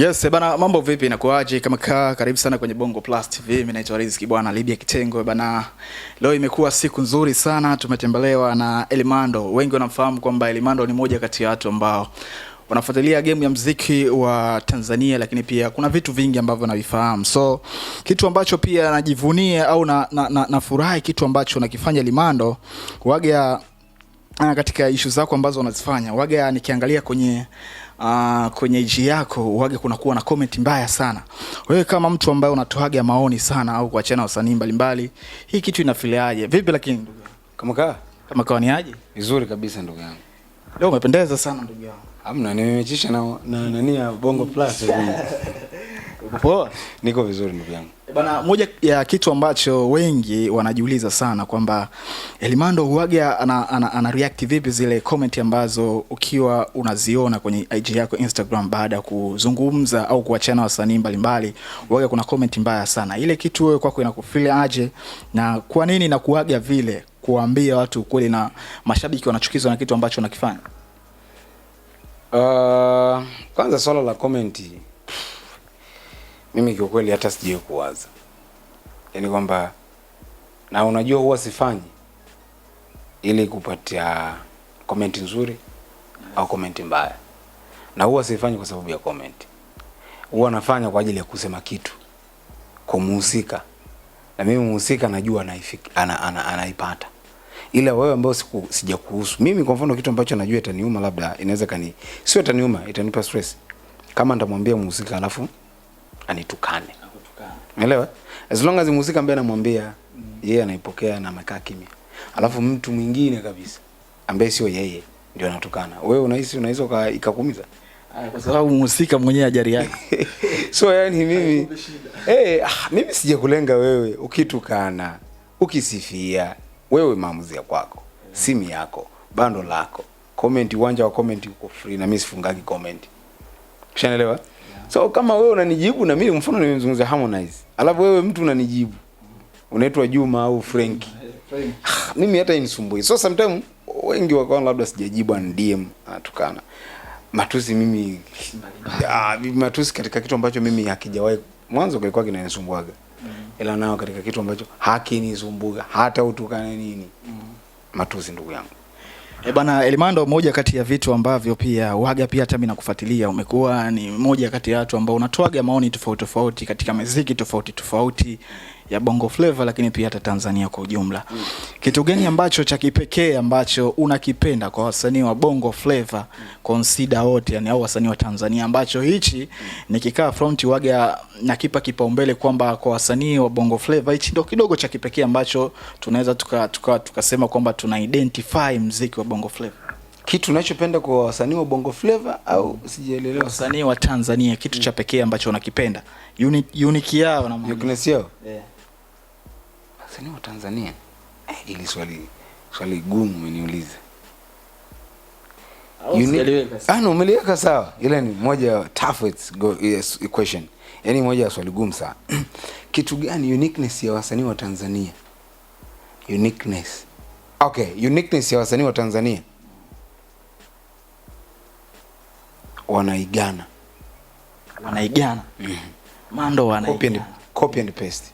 Yes, eh, bana mambo vipi na inakuaje? Kama kaa karibu sana kwenye Bongo Plus TV. Mimi naitwa Riziki bwana Libia Kitengo bana. Leo imekuwa siku nzuri sana tumetembelewa na Elimando. Wengi wanamfahamu kwamba Elimando ni moja kati ya watu ambao wanafuatilia game ya mziki wa Tanzania, lakini pia kuna vitu vingi ambavyo navifahamu. So kitu ambacho pia najivunia au na, na, na, nafurahi kitu ambacho nakifanya Elimando waga ah, katika ishu zako ambazo wanazifanya waga nikiangalia kwenye uh, kwenye IG yako uage kuna kuwa na comment mbaya sana. Wewe kama mtu ambaye unatoaga maoni sana au kuachana wasanii mbalimbali, hii kitu inafileaje? Vipi lakini ndugu yangu? Kama kaa? Kama kaa ni aje? Vizuri kabisa ndugu yangu. Leo umependeza sana ndugu yangu. Hamna, nimemechisha na na nani ya Bongo Plus. Poa? Niko vizuri ndugu yangu. Bana, moja ya kitu ambacho wengi wanajiuliza sana kwamba Elimando huaga ana, ana, ana react vipi zile comment ambazo ukiwa unaziona kwenye IG yako Instagram, baada ya kuzungumza au kuachana wasanii mbalimbali, huaga kuna comment mbaya sana. Ile kitu wewe kwako inakufeel aje, na kwa nini inakuaga vile kuambia watu ukweli na mashabiki wanachukizwa na kitu ambacho unakifanya? Uh, kwanza swala la comment mimi kiukweli hata sijui kuwaza, yaani kwamba na unajua, huwa sifanyi ili kupatia komenti nzuri au komenti mbaya, na huwa sifanyi kwa sababu ya komenti. Huwa nafanya kwa ajili ya kusema kitu kwa muhusika, na mimi muhusika najua anaifika, ana, ana, ila wewe ambao sijakuhusu mimi, kwa mfano, kitu ambacho najua itaniuma, labda inaweza kani, sio itaniuma, itanipa stress kama nitamwambia muhusika alafu anitukane, umeelewa? As long as mhusika ambaye anamwambia yeye anaipokea na amekaa kimya, alafu mtu mwingine kabisa ambaye sio yeye ndio anatukana, wewe unahisi unaweza ikakuumiza kwa sababu mhusika mwenyewe ajari yake. So yani mimi hey, eh, ah, mimi kulenga wewe, ukitukana ukisifia, wewe maamuzi ya kwako, simu yako, bando lako, comment, uwanja wa comment uko free, na mimi sifungagi comment, ushanelewa. So kama wewe unanijibu na mimi mfano nimemzungumza Harmonize. Alafu wewe mtu unanijibu. Unaitwa Juma au Frank. Frank. Ah, mimi hata inisumbui. So sometimes wengi wakaona labda sijajibu an DM anatukana. Matusi mimi ah, matusi katika kitu ambacho mimi hakijawahi mwanzo kilikuwa kinanisumbuaga. Mm. Ila nao katika kitu ambacho hakinisumbua hata utukane nini. Mm. Matusi ndugu yangu. E eh, bana Elimando, moja kati ya vitu ambavyo pia waga pia hata mimi nakufuatilia, umekuwa ni moja kati ya watu ambao unatoaga maoni tofauti tofauti katika muziki tofauti tofauti ya Bongo Flava, lakini pia hata Tanzania kwa ujumla. Mm. Kitu gani ambacho cha kipekee ambacho unakipenda kwa wasanii wa Bongo Flava mm. consider wote yani, au wasanii wa Tanzania ambacho hichi mm. nikikaa front waga nakipa kipaumbele kwamba kwa wasanii wa Bongo Flava hichi ndio kidogo cha kipekee ambacho tunaweza tukasema tuka, tuka kwamba tuna identify mziki wa Bongo Flava kitu unachopenda kwa wasanii wa Bongo Flava au sijaelewa, wasanii wa Tanzania kitu mm. cha pekee ambacho unakipenda unique yao na uniqueness yao yeah si ni tanzania Eh, ili swali swali gumu umeniuliza. Ana ah, ah, umeliweka sawa, ile ni moja toughest go, yes, equation, yaani moja ya swali gumu sana. Kitu gani uniqueness ya wasanii wa Tanzania? Uniqueness. Okay, uniqueness ya wasanii wa Tanzania wanaigana, wanaigana. Mm -hmm. Mando wanaigana. Copy and, copy and paste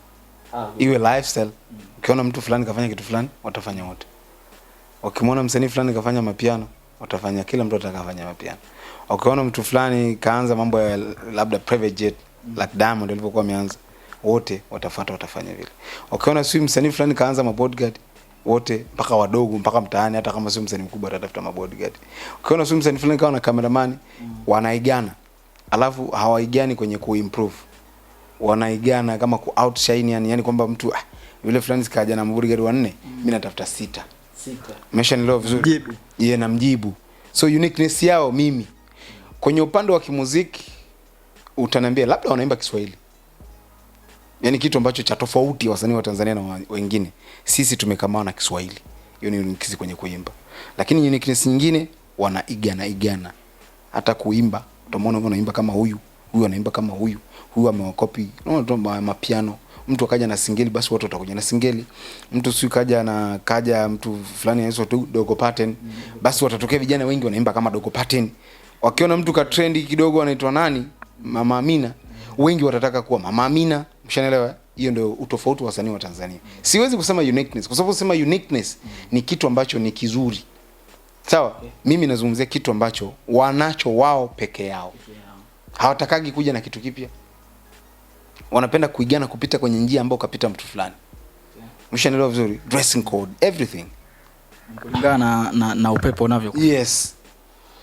iwe lifestyle. Ukiona mtu fulani kafanya kitu fulani, watafanya wote. Ukimwona msanii fulani kafanya mapiano, watafanya kila mtu atakafanya mapiano. Ukiona mtu fulani kaanza mambo ya labda private jet like Diamond alivyokuwa ameanza, wote watafuata, watafanya vile. Ukiona si msanii fulani kaanza mabodyguard wote mpaka wadogo mpaka mtaani, hata kama sio msanii mkubwa atatafuta mabodyguard. Ukiona sio msanii fulani kawa na kameramani, wanaigana alafu hawaigani kwenye kuimprove wanaigana kama ku outshine yani, yani kwamba mtu ah, yule fulani sikaja na mburigari wanne mm. mimi natafuta sita sita, umeshanielewa vizuri yeye yeah, namjibu. So uniqueness yao mimi kwenye upande wa kimuziki utaniambia labda wanaimba Kiswahili, yani kitu ambacho cha tofauti wasanii wa Tanzania na wengine, sisi tumekamaa na Kiswahili. Hiyo ni uniqueness kwenye kuimba, lakini uniqueness nyingine wanaigana igana, hata kuimba utamwona wanaimba kama huyu huyu anaimba kama huyu huyu amewakopi no, mapiano mtu akaja na singeli basi watu watakuja na singeli. Mtu si kaja na kaja mtu fulani anaitwa Dogo Pattern, basi watatokea vijana wengi wanaimba kama Dogo Pattern. Wakiona mtu ka trendi kidogo anaitwa nani, Mama Amina, wengi watataka kuwa Mama Amina. mshanelewa Hiyo ndio utofauti wa wasanii wa Tanzania. Siwezi kusema uniqueness kwa sababu sema uniqueness ni kitu ambacho ni kizuri, sawa. Mimi nazungumzia kitu ambacho wanacho wao peke yao, hawatakagi kuja na kitu kipya wanapenda kuigana kupita kwenye njia ambayo kapita mtu fulani yeah. Mshanielewa vizuri, dressing code everything kulingana na, na, na upepo unavyo. Yes,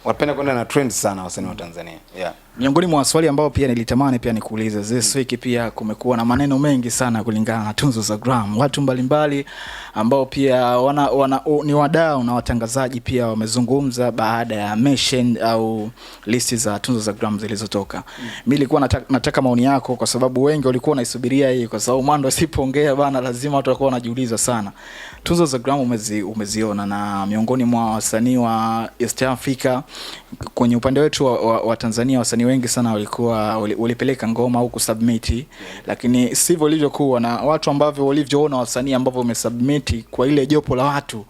wanapenda kwenda na trend sana wasanii wa Tanzania yeah. Miongoni mwa swali ambao pia nilitamani pia nikuulize, this mm. week pia kumekuwa na maneno mengi sana kulingana na tunzo za Grammy. Watu mbalimbali mbali ambao pia wana, wana, ni wadau na watangazaji pia wamezungumza baada ya mention au listi za tunzo za Grammy zilizotoka. Mimi mm. nilikuwa nataka, nataka maoni yako kwa sababu wengi walikuwa wanaisubiria hii kwa sababu Mando asipoongea bana lazima watu wakawa wanajiuliza sana. Tunzo za Grammy umezi, umeziona na miongoni mwa wasanii wa East Africa kwenye upande wetu wa, wa, wa Tanzania wasanii wasanii wengi sana walikuwa walipeleka ngoma au kusubmit, lakini sivyo ilivyokuwa na watu ambavyo walivyoona wasanii ambavyo wamesubmit kwa ile jopo la watu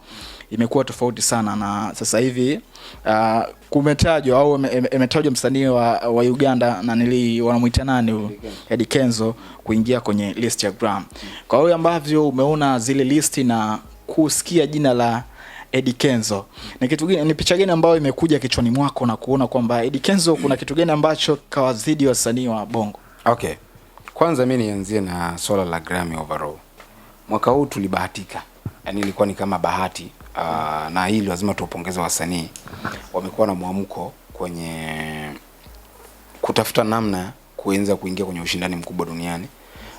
imekuwa tofauti sana na sasa hivi. Uh, kumetajwa au imetajwa msanii wa, wa Uganda na nili wanamuita nani Eddy Kenzo kuingia kwenye list ya Grammy. Kwa hiyo ambavyo umeona zile listi na kusikia jina la Eddie Kenzo. Ni kitu gani, ni picha gani ambayo imekuja kichwani mwako na kuona kwamba Eddie Kenzo kuna kitu gani ambacho kawazidi wasanii wa Bongo? Okay. Kwanza mimi nianzie na swala la Grammy overall. Mwaka huu tulibahatika. Yaani ilikuwa ni kama bahati. Uh, na hili lazima tuwapongeze wasanii. Wamekuwa na mwamko kwenye kutafuta namna kuenza kuingia kwenye ushindani mkubwa duniani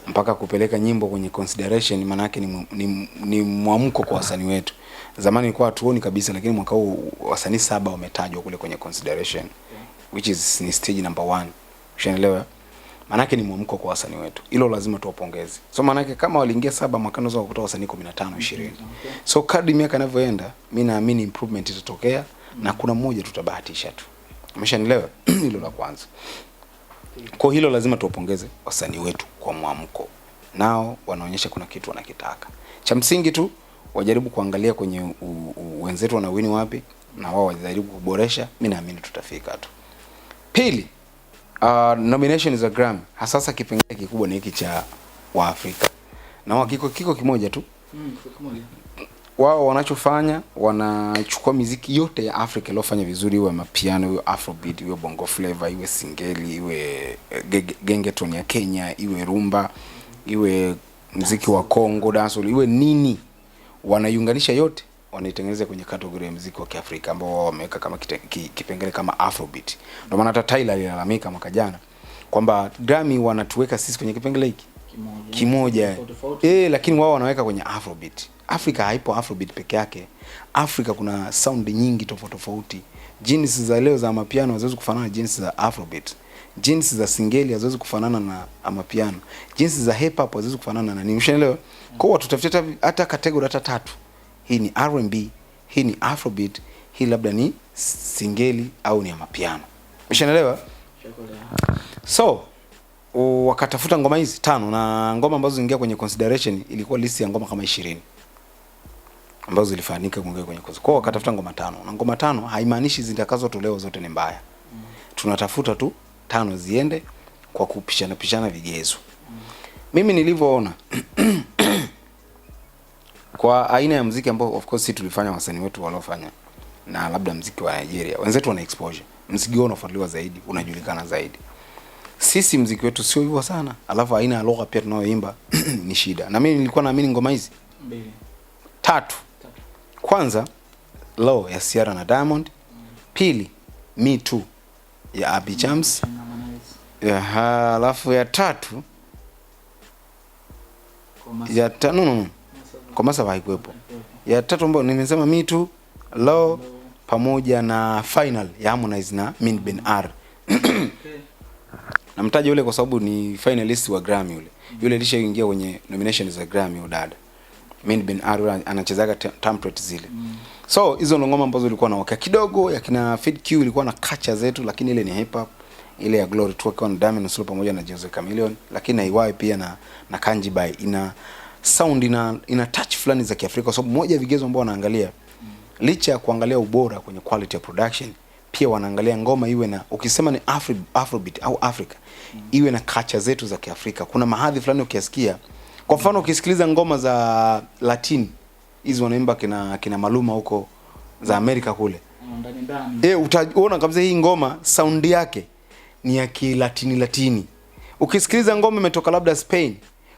mpaka kupeleka nyimbo kwenye consideration, maanake ni, ni, ni mwamko kwa wasanii wetu. Zamani ilikuwa hatuoni kabisa, lakini mwaka huu wasanii saba wametajwa kule kwenye consideration which is ni stage number one. Ushaelewa? Maanake ni mwamko kwa wasanii wetu, hilo lazima tuwapongeze. So maanake kama waliingia saba mwaka unaweza kukuta wasanii 15 20. So kadri miaka inavyoenda, mimi naamini improvement itatokea na kuna mmoja tutabahatisha tu. Umeshanielewa? hilo la kwanza. Kwa hilo lazima tuwapongeze wasanii wetu kwa mwamko, nao wanaonyesha kuna kitu wanakitaka cha msingi tu wajaribu kuangalia kwenye wenzetu wanawini wapi, na wao wajaribu kuboresha. Mimi naamini tutafika tu. Pili, uh, nomination za Grammy hasasa, kipengele kikubwa ni hiki cha Waafrika na wao kiko kiko kimoja tu mm, wao wanachofanya wanachukua miziki yote ya Afrika iliyofanya vizuri, iwe mapiano, iwe afrobeat, iwe bongo flavor, iwe singeli, iwe eh, gengeton ya Kenya, iwe rumba, iwe mziki wa Kongo, dancehall, iwe nini wanaiunganisha yote wanaitengeneza kwenye kategori ya muziki wa Kiafrika ambao wameweka kama kipengele kama Afrobeat. Ndio maana hata Tyler alilalamika mwaka jana kwamba Grammy wanatuweka sisi kwenye kipengele hiki kimoja, kimoja. Eh, lakini wao wanaweka kwenye Afrobeat. Afrika haipo Afrobeat peke yake. Afrika kuna sound nyingi tofauti tofauti. Jinsi za leo za mapiano haziwezi kufanana na jinsi za Afrobeat. Jinsi za singeli haziwezi kufanana na amapiano. Jinsi za hip hop haziwezi kufanana na nini. mshaelewa? Kwa hiyo tutafuta hata category hata tatu. Hii ni R&B, hii ni Afrobeat, hii labda ni singeli au ni amapiano. mshaelewa? So wakatafuta ngoma hizi tano na ngoma ambazo zingia kwenye consideration ilikuwa list ya ngoma kama 20 ambazo zilifanyika kuingia kwenye kozi. Kwa hiyo wakatafuta ngoma tano na ngoma tano haimaanishi zitakazotolewa zote ni mbaya. Tunatafuta tu tano ziende kwa kupishana pishana vigezo. Mimi nilivyoona kwa aina ya mziki ambao of course sisi tulifanya wasanii wetu waliofanya na labda mziki wa Nigeria wenzetu wana exposure, mziki wao unafuatiliwa zaidi, unajulikana zaidi. Sisi mziki wetu sio hivyo sana, alafu aina ya lugha pia tunayoimba ni shida. Na mimi nilikuwa naamini ngoma hizi mbili tatu, kwanza low ya Sierra na Diamond, pili me too ya Abby Chams. Halafu ya tatu ya tano no, no. Kwa haikuwepo. Ya tatu ambayo nimesema Me Too, Low pamoja na final ya Harmonize na Min Ben R. Namtaja yule kwa sababu ni finalist wa Grammy yule. Yule alishaingia kwenye nomination za Grammy udada. Amin bin Arwa anachezaga template zile mm. So hizo ndo ngoma ambazo ilikuwa naokea kidogo, ya kina Fid Q ilikuwa na kacha zetu, lakini ile ni hip hop, ile ya Glory tu akiwa na Diamond Sulu pamoja na Jose Chameleone, lakini na Iwai pia na na Kanji Bai ina sound ina ina touch fulani za Kiafrika, kwa so, sababu moja ya vigezo ambao wanaangalia mm. licha ya kuangalia ubora kwenye quality ya production pia wanaangalia ngoma iwe na ukisema ni Afro, Afrobeat au Afrika mm. iwe na kacha zetu za Kiafrika. Kuna mahadhi fulani ukiyasikia kwa mfano ukisikiliza ngoma za Latin hizi wanaimba kina kina Maluma huko za Amerika kule mm, ndani ndani, eh, utaona kabisa hii ngoma saundi yake ni ya kilatini latini. Ukisikiliza ngoma imetoka labda Spain,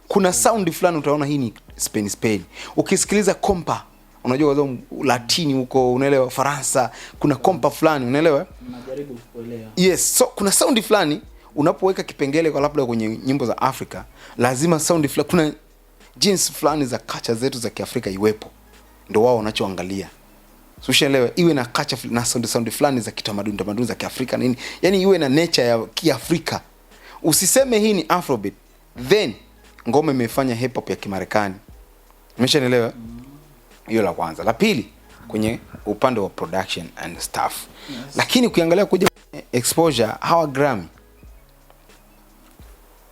kuna sound fulani utaona hii ni Spain Spain. Ukisikiliza kompa unajua kwa Latini huko unaelewa, Faransa kuna kompa fulani unaelewa, najaribu kuelewa. Yes, so kuna sound fulani unapoweka kipengele kwa labda kwenye nyimbo za Afrika lazima sound fulani, kuna jeans fulani za kacha zetu za Kiafrika iwepo, ndio wao wanachoangalia Ushaelewa, iwe na kacha na sound sound fulani za kitamaduni tamaduni za Kiafrika nini, yani iwe na nature ya Kiafrika. Usiseme hii ni Afrobeat then ngoma imefanya hip hop ya Kimarekani. Umeshaelewa? Mm-hmm. Hiyo la kwanza. La pili kwenye upande wa production and stuff. Yes. Lakini ukiangalia kuja exposure hawa Grammy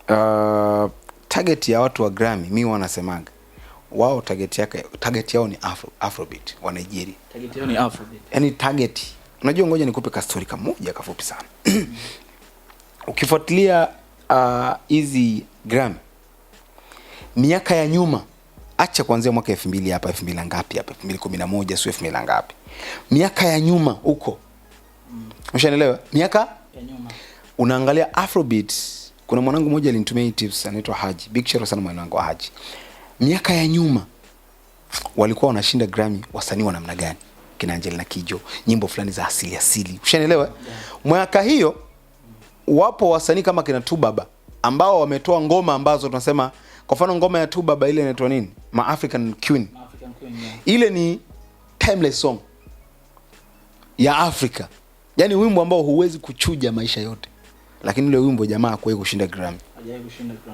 Uh, target ya watu wa Grammy mi wanasemaga wao target yake target yao ni Afro, Afrobeat wa Nigeria. Target yao ni Afrobeat. Yaani target. Unajua ngoja nikupe ka story kamoja kafupi sana. Ukifuatilia uh, hizi uh, Grammy miaka ya nyuma acha kuanzia mwaka 2000 hapa 2000 ngapi hapa 2011 sio 2000 ngapi. Miaka ya nyuma huko. Mm. Ushanielewa? Miaka ya nyuma. Unaangalia Afrobeat kuna mwanangu mmoja alinitumia hii tips, anaitwa Haji. Big shout sana mwanangu Haji. Miaka ya nyuma walikuwa wanashinda Grammy wasanii wa namna gani? Kina Angela na Kijo, nyimbo fulani za asili asili. Ushanielewa? Mwaka hiyo wapo wasanii kama kina Tu Baba ambao wametoa ngoma ambazo tunasema kwa mfano ngoma ya Tu Baba ile inaitwa nini? Ma African Queen. Ma African Queen. Yeah. Ile ni timeless song ya Afrika. yani wimbo ambao huwezi kuchuja maisha yote lakini ule wimbo jamaa hakuwahi kushinda Grammy.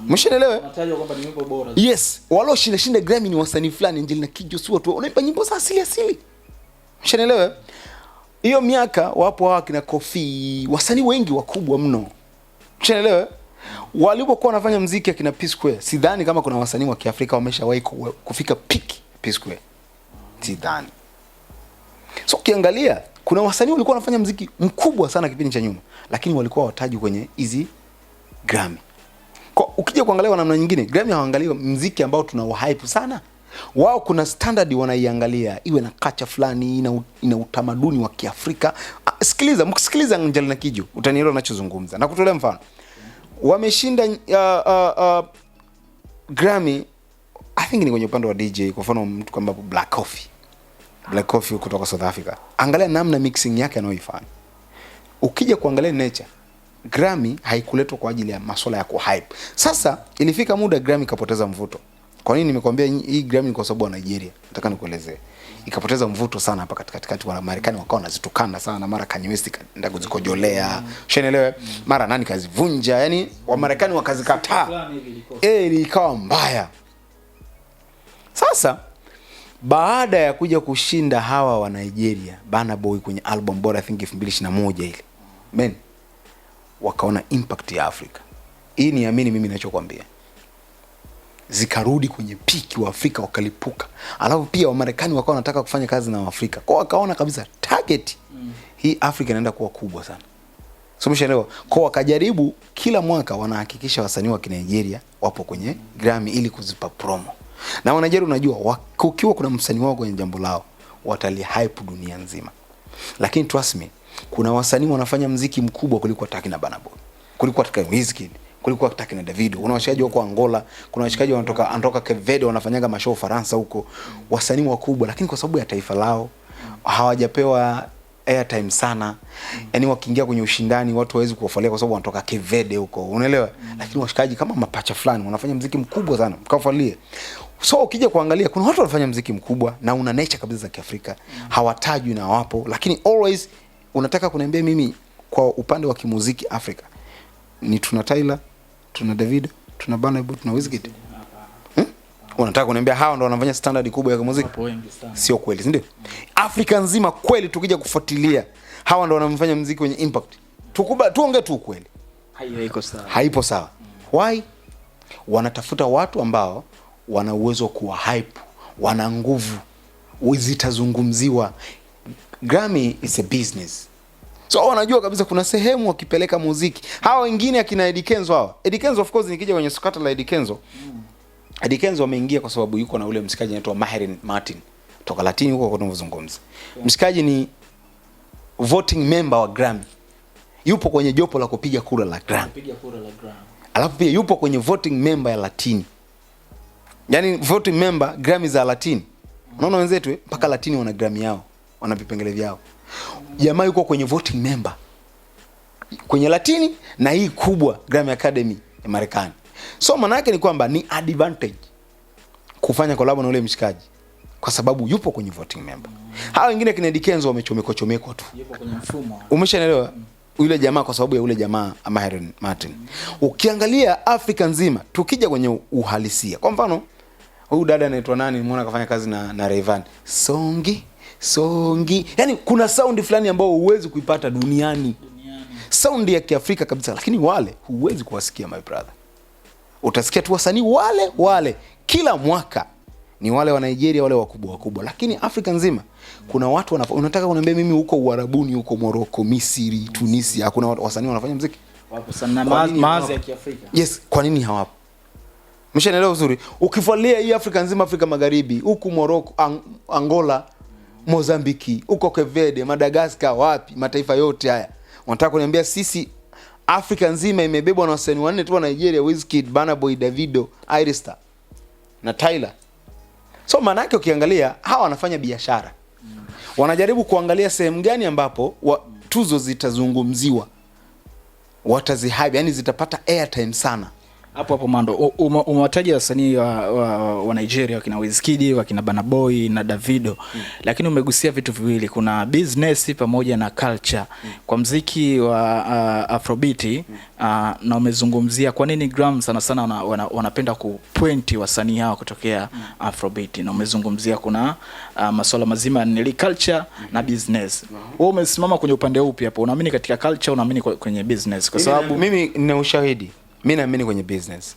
Mshaelewa? Yes, walo shinda shinda Grammy ni wasanii fulani, Angelina Kijo si watu wanaimba nyimbo za asili asili. Mshinelewe? Hiyo miaka wapo hawa kina Kofi, wasanii wengi wakubwa mno. Mshaelewa? Walipokuwa wanafanya mziki akina P Square, sidhani kama kuna wasanii wa Kiafrika wameshawahi kufika peak P Square. Sidhani. So ukiangalia kuna wasanii walikuwa wanafanya mziki mkubwa sana kipindi cha nyuma lakini walikuwa wataji kwenye hizi Grammy. Kwa ukija kuangalia namna nyingine, Grammy hawaangalii mziki ambao tuna hype sana. Wao kuna standard wanaiangalia iwe na kacha fulani, ina, ina utamaduni wa Kiafrika. Ah, sikiliza, mkisikiliza Angelina Kijo utanielewa ninachozungumza. Na kutolea mfano. Wameshinda uh, uh, uh, Grammy I think ni kwenye upande wa DJ kwa mfano mtu kama Black Coffee. Black Coffee kutoka South Africa. Angalia namna mixing yake anayoifanya ukija kuangalia nature Grammy haikuletwa kwa ajili ya masuala ya kuhype. Sasa ilifika muda Grammy ikapoteza mvuto. Kwa nini nimekwambia hii Grammy ni kwa sababu wa Nigeria? Nataka nikuelezee. Ikapoteza mvuto sana hapa katikati kati wa Marekani wakawa wanazitukana sana na mara Kanye West kaenda kuzikojolea. Ushanielewa? Mara nani kazivunja? Yaani wa Marekani wakazikataa. Eh, ikawa mbaya. Sasa baada ya kuja kushinda hawa wa Nigeria, Burna Boy kwenye album bora I think 2021 ile men wakaona impact ya Afrika hii, niamini mimi ninachokwambia, zikarudi kwenye piki wa Afrika wakalipuka, alafu pia Wamarekani wakawa wanataka kufanya kazi na Waafrika kwao, wakaona kabisa target hii Afrika inaenda kuwa kubwa sana Sumeshaelewa. Kwa wakajaribu kila mwaka wanahakikisha wasanii wa Kinigeria wapo kwenye Grammy ili kuzipa promo. Na Wanigeria unajua kukiwa kuna msanii wao kwenye jambo lao hype dunia nzima. Lakini trust me, kuna wasanii wanafanya mziki mkubwa kuliko Ataki na Burna Boy, kuliko Ataki Wizkid, kuliko Ataki na Davido. Kuna washikaji wako Angola, kuna washikaji wanatoka anatoka Cape wanafanyaga mashow Faransa huko, wasanii wakubwa, lakini kwa sababu ya taifa lao hawajapewa airtime sana. Yaani wakiingia kwenye ushindani watu hawezi kuwafualia kwa sababu wanatoka Kevede huko. Unaelewa? Lakini washikaji kama mapacha fulani wanafanya mziki mkubwa sana. Mkafualie. So ukija kuangalia kuna watu wanafanya mziki mkubwa na una nature kabisa za Kiafrika. Hawatajwi na wapo, lakini always unataka kuniambia mimi kwa upande wa kimuziki Afrika ni tuna Tyler, tuna David, tuna Burna Boy, tuna Wizkid. Hmm? Unataka kuniambia hawa ndo wanafanya standard kubwa ya muziki? Sio kweli, si ndio? Afrika nzima kweli, tukija kufuatilia hawa ndo wanamfanya muziki wenye impact. Tukuba tuongee tu kweli. Haipo sawa. Haipo sawa. Why? Wanatafuta watu ambao wana uwezo wa kuwa hype, wana nguvu, zitazungumziwa. Grammy is a business. So wanajua kabisa kuna sehemu wakipeleka muziki. Hawa wengine akina Eddy Kenzo hawa. Eddy Kenzo of course nikija kwenye sukata la Eddy Kenzo. Mm. Eddy Kenzo ameingia kwa sababu yuko na ule msikaji anaitwa Maherin Martin Toka Latini huko tunavyozungumza. Yeah. Msikaji ni voting member wa Grammy. Yupo kwenye jopo la kupiga kura la Grammy. Kupiga kura la Grammy. Alafu pia yupo kwenye voting member ya Latini. Yaani voting member Grammy za Latini. Unaona wenzetu eh? mpaka Latini wana Grammy yao wana vipengele vyao. Jamaa yuko kwenye voting member kwenye Latini na hii kubwa Grammy Academy ya Marekani. So maana yake ni kwamba ni advantage kufanya collab na ule mshikaji kwa sababu yupo kwenye voting member. Hawa wengine kina Dikenzo wamechomeko chomeko tu. Yupo kwenye mfumo. Umeshaelewa? Yule jamaa kwa sababu ya ule jamaa ama Maheron Martin. Ukiangalia Afrika nzima tukija kwenye uhalisia. Kwa mfano, huyu dada anaitwa nani? Nimeona kafanya kazi na na Rayvanny. Songi songi, yani kuna saundi fulani ambao huwezi kuipata duniani, duniani. Saundi ya Kiafrika kabisa, lakini wale huwezi kuwasikia my brother. Utasikia tu wasanii wale wale kila mwaka ni wale wa Nigeria wale wakubwa wakubwa, lakini Afrika nzima kuna watu wanafa... Unataka kuniambia mimi huko Uarabuni, huko Morocco, Misri, Tunisia hakuna wasanii wanafanya muziki wapo sana maazi ya Kiafrika? Yes, kwa nini hawapo? Mshanielewa vizuri. Ukifuatilia hii Afrika nzima, Afrika Magharibi, huku Morocco, Ang Angola Mozambiki, huko Kevede, Madagaskar, wapi, mataifa yote haya. Wanataka kuniambia sisi Afrika nzima imebebwa na wasanii wanne tu wa Nigeria, Wizkid, Burna Boy, Davido, Ayra na Tyler. So maana yake ukiangalia hawa wanafanya biashara. Wanajaribu kuangalia sehemu gani ambapo wa, tuzo zitazungumziwa. Watazihabi, yani zitapata airtime sana hapo hapo Mando, umewataja wasanii wa, wa, wa Nigeria wakina Wizkid wakina Burna Boy na Davido mm. Lakini umegusia vitu viwili, kuna business pamoja na culture mm. Kwa mziki wa uh, Afrobeat mm. uh, na umezungumzia kwa nini Gram sana sana wana, wana, wanapenda kupointi wasanii hao kutokea mm. Afrobeat na umezungumzia kuna uh, masuala mazima ya nili culture mm na business wewe mm umesimama kwenye upande upi hapo? Unaamini katika culture, unaamini kwenye business? Kwa sababu mimi nina ushahidi mi naamini kwenye business,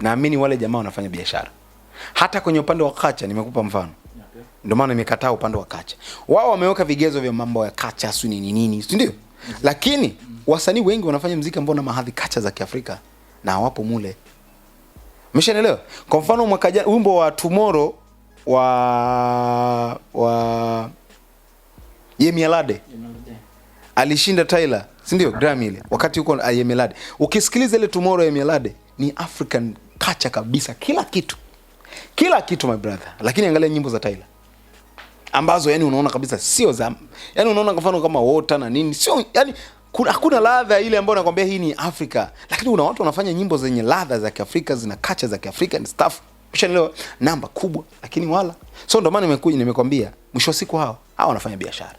naamini wale jamaa wanafanya biashara. Hata kwenye upande wa kacha nimekupa mfano ndomaana Ndio maana nimekataa upande wa kacha. Wao wameweka vigezo vya mambo ya kacha su nini nini, sindio mm-hmm. Lakini mm-hmm. wasanii wengi wanafanya mziki ambao na mahadhi kacha za Kiafrika na awapo mule, umeshaelewa? Kwa mfano mwakaja wimbo wa tumoro wa wa yemialade alishinda Tyler sindio ndio? ile wakati huko Ayemelade, uh, ukisikiliza ile Tomorrow Ayemelade ni African kacha kabisa, kila kitu, kila kitu my brother. Lakini angalia nyimbo za Tyler ambazo yani unaona kabisa sio za yani, unaona kwa mfano kama Water na nini, sio yani hakuna ladha ile ambayo nakwambia hii ni Afrika, lakini kuna watu wanafanya nyimbo zenye ladha za Kiafrika zina kacha za Kiafrika and stuff, ushanelewa, namba kubwa, lakini wala so. Ndio maana nimekuja nimekwambia, mwisho wa siku hao hawa wanafanya biashara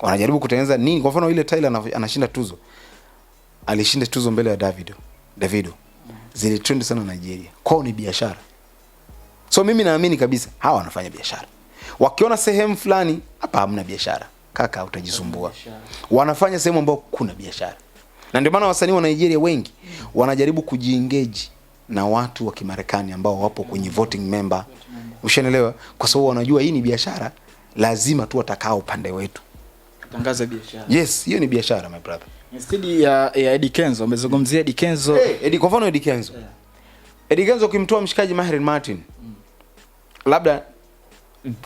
wanajaribu kutengeneza nini. Kwa mfano ile Tyler anashinda tuzo, alishinda tuzo mbele ya Davido. Davido zile sana Nigeria, kwao ni biashara. So mimi naamini kabisa hawa wanafanya biashara, wakiona sehemu fulani hapa hamna biashara, kaka, utajisumbua. Wanafanya sehemu ambayo kuna biashara, na ndio maana wasanii wa Nigeria wengi wanajaribu kujiengage na watu wa Kimarekani ambao wapo kwenye voting member, ushanelewa, kwa sababu wanajua hii ni biashara, lazima tu watakaa upande wetu. Tangaza biashara. Yes, hiyo ni biashara my brother. Instead ya ya Eddie Kenzo, umezungumzia Eddie Kenzo. Hey, Eddie, kwa mfano Eddie Kenzo. Yeah. Eddie Kenzo kimtoa mshikaji Mahir Martin. Mm. Labda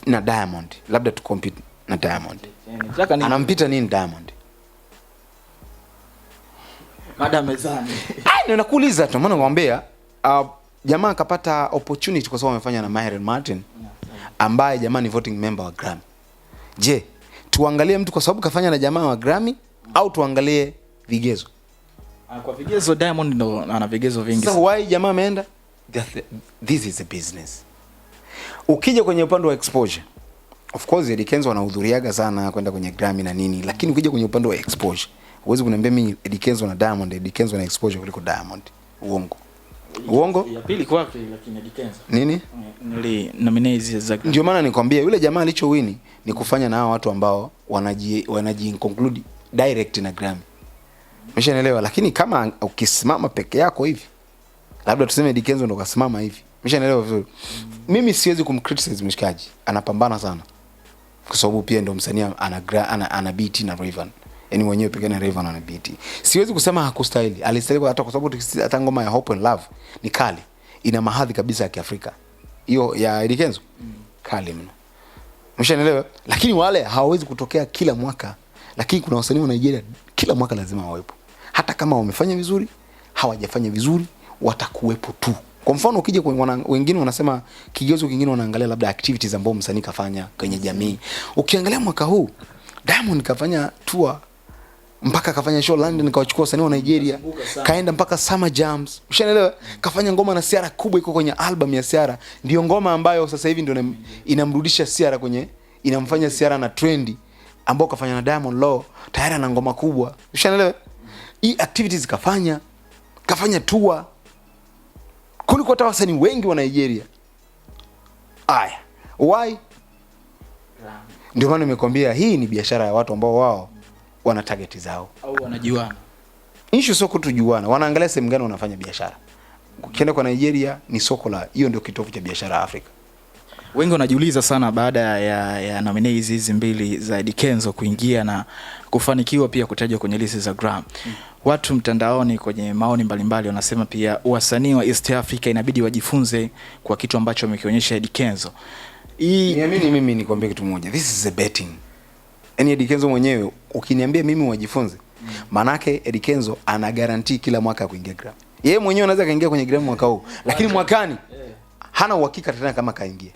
na Diamond, labda tu compete na Diamond. Nataka nini? Anampita nini Diamond? Madam mezani. Ai, ndio nakuuliza tu, maana nakwambia uh, jamaa akapata opportunity kwa sababu amefanya na Mahir Martin ambaye jamaa ni voting member wa Grammy. Je, tuangalie mtu kwa sababu kafanya na jamaa wa Grammy au tuangalie vigezo? Ah, kwa vigezo Diamond ndo ana vigezo vingi. so why jamaa ameenda? This is a business. Ukija kwenye upande wa exposure, of course Eddy Kenzo anahudhuriaga sana kwenda kwenye Grammy na nini, lakini ukija kwenye upande wa exposure, huwezi kuniambia mimi Eddy Kenzo na Diamond, Eddy Kenzo na exposure kuliko Diamond. Uongo. Uongo? Ya pili Dikenza. Nini? Nili za Ndio maana nikwambia yule jamaa alichowini ni kufanya na hawa watu ambao wanaji wanaji direct na Grammy. Umeshaelewa? Lakini kama ukisimama peke yako hivi labda tuseme Dikenzo ndo kasimama hivi. Umeshaelewa vizuri? Mm. Mimi siwezi kumcriticize mshikaji. Anapambana sana. Kwa sababu pia ndo msanii ana, ana ana na Raven yani mwenyewe pengine Rayvanny anabiti. Siwezi kusema hakustahili, alistahili hata kwa sababu hata ngoma ya Hope and Love ni kali, ina mahadhi kabisa ya Kiafrika, hiyo ya Eddy Kenzo mm. kali mno, mshanielewa. Lakini wale hawawezi kutokea kila mwaka, lakini kuna wasanii wa Nigeria kila mwaka lazima wawepo, hata kama wamefanya vizuri, hawajafanya vizuri, watakuwepo tu. Kwa mfano ukija kwa wana, wengine wanasema kigezo kingine wanaangalia labda activities ambazo msanii kafanya kwenye mm. jamii. Ukiangalia mwaka huu Diamond kafanya tour mpaka akafanya show London, kawachukua wasanii wa Nigeria, kaenda mpaka Summer Jams, ushaelewa. Kafanya ngoma na Ciara kubwa, iko kwenye album ya Ciara, ndio ngoma ambayo sasa hivi ndio inamrudisha Ciara kwenye, inamfanya Ciara na trendy, ambao kafanya na Diamond Law, tayari ana ngoma kubwa, ushaelewa. Hii activities kafanya, kafanya tour kuliko hata wasanii wengi wa Nigeria. Aya, why? Ndio maana nimekwambia hii ni biashara ya watu ambao wao wana target zao au wanajuana. Issue sio kutujuana, wanaangalia sehemu gani wanafanya biashara. Ukienda kwa Nigeria ni soko la hiyo, ndio kitovu cha biashara Afrika. Wengi wanajiuliza sana baada ya, ya nominee hizi hizi mbili za Dikenzo kuingia na kufanikiwa pia kutajwa kwenye listi za Gram. Mm. Watu mtandaoni kwenye maoni mbalimbali wanasema pia wasanii wa East Africa inabidi wajifunze kwa kitu ambacho wamekionyesha Dikenzo. Hii niamini mimi nikwambie kitu moja. This is a betting yani Eddy Kenzo mwenyewe ukiniambia mimi wajifunze, maana mm. Eddy Kenzo ana guarantee kila mwaka kuingia gram. Yeye mwenyewe anaweza kaingia kwenye gram mwaka huu, lakini mwakani yeah. hana uhakika tena kama kaingia.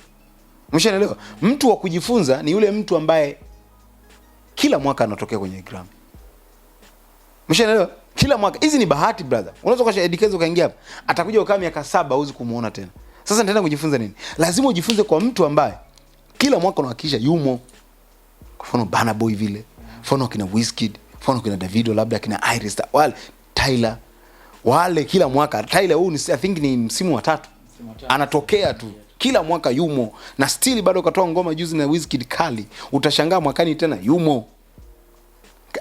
Mshaelewa? Mm. Mtu wa kujifunza ni yule mtu ambaye kila mwaka anatokea kwenye gram. Mshaelewa? Kila mwaka. Hizi ni bahati brother. Unaweza kwa Eddy Kenzo kaingia hapa, atakuja ukaa miaka saba huwezi kumuona tena. Sasa nitaenda kujifunza nini? Lazima ujifunze kwa mtu ambaye kila mwaka unahakikisha yumo mfano bana Boy vile, mfano akina Wizkid, mfano akina Davido, labda akina Iris wale, Tyler wale, kila mwaka Tyler, huu I think ni msimu wa tatu anatokea tu kila mwaka yumo na still bado katoa ngoma juzi na Wizkid kali, utashangaa mwakani tena yumo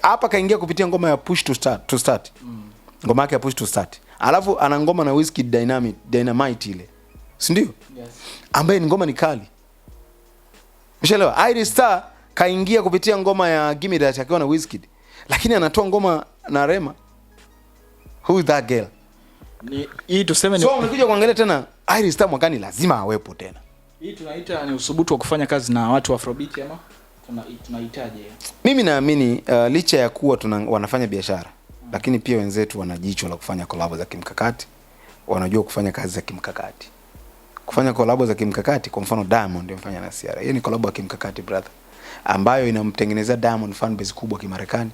hapa. Kaingia kupitia ngoma ya push to start, to start mm. ngoma yake ya push to start, alafu ana ngoma na Wizkid dynamic dynamite ile, si ndio? Yes, ambaye ni ngoma ni kali, mshaelewa. Iris Star kaingia kupitia ngoma ya Gimme That akiwa na Wizkid, lakini anatoa ngoma na Rema. Who is that girl? Ni hii tuseme ni so, umekuja kuangalia tena Iris Star mwakani lazima awepo tena. Hii tunaita ni usubutu wa kufanya kazi na watu wa Afrobeat ama tuna tunahitaji. Mimi naamini uh, licha ya kuwa tuna, wanafanya biashara hmm, lakini pia wenzetu wana jicho la kufanya kolabo za kimkakati, wanajua kufanya kazi za kimkakati, kufanya kolabo za kimkakati. Kwa mfano Diamond amefanya na Ciara, hiyo ni kolabo ya kimkakati brother ambayo inamtengenezea Diamond fan base kubwa Kimarekani,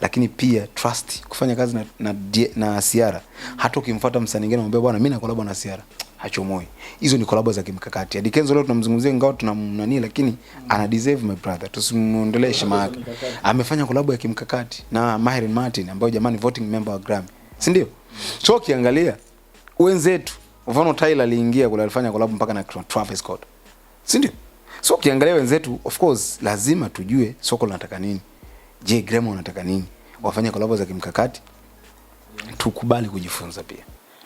lakini pia trust kufanya kazi na na, na Ciara. Hata ukimfuata msanii mwingine anamwambia bwana, mimi na collab na Ciara hachomoi. Hizo ni collab za kimkakati. Hadi Kenzo leo tunamzungumzia, ingawa tunamnani, lakini mm, ana deserve my brother, tusimuondolee heshima yake. Amefanya collab ya kimkakati na Maherin Martin ambayo jamani, voting member wa Grammy, si ndio? So ukiangalia wenzetu, mfano Tyler aliingia kule, alifanya collab mpaka na Travis Scott, si ndio? So ukiangalia wenzetu, of course lazima tujue soko linataka nini. Je, Gremo unataka nini? Wafanye kolabo za kimkakati, tukubali kujifunza pia.